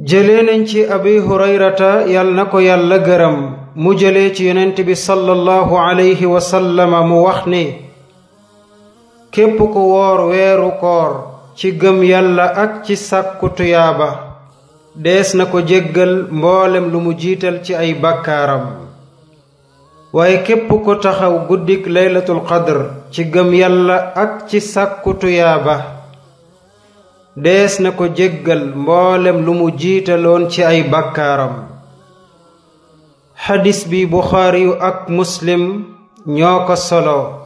jëlee nañ ci abi hurayrata yal na ko yàlla gërëm mu jële ci yonent bi sallallahu alayhi wa mu wax ni képp ku woor weeru koor ci gëm yàlla ak ci sàkku dees na ko jéggal mboolem lu mu jiital ci ay bakkaaram waaye képp ko taxaw guddik laylatul qadr ci gëm yàlla ak ci sàkku des na ko jéggal mboolem lu mu jiitaloon ci ay bakkaaram xadis bi buxaari yu ak muslim ñoo ko solo